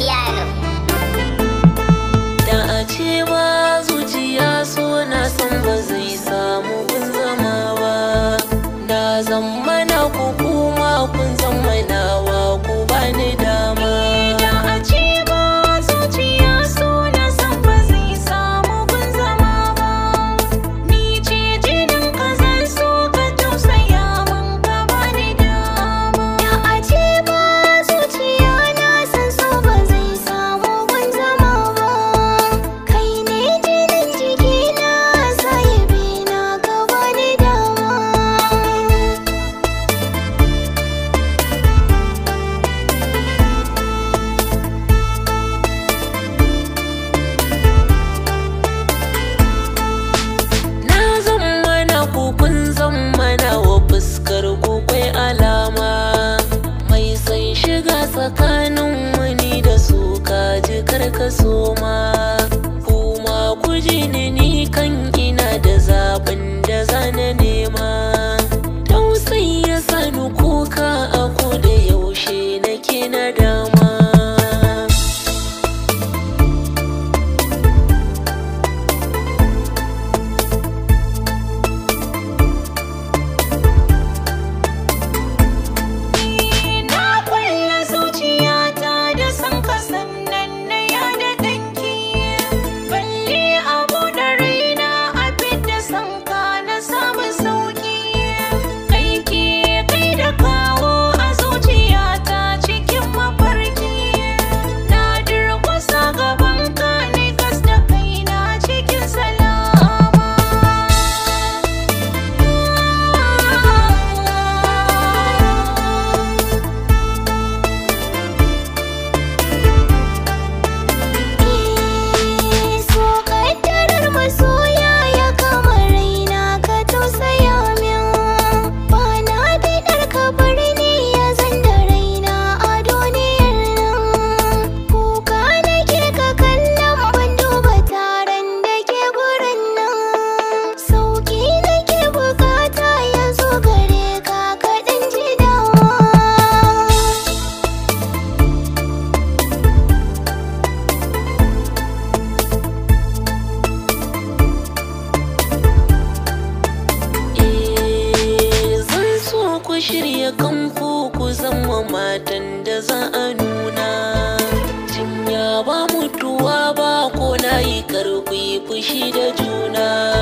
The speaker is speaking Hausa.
piano da a cewa zuciya so na san ba zai tsakanin wani da su kaji karkaso ma kuma ku ji ni kan ina da zaɓin da zana nema tausayi ya sani kuka a ko da yaushe nake na dama kar ku yi fushi da juna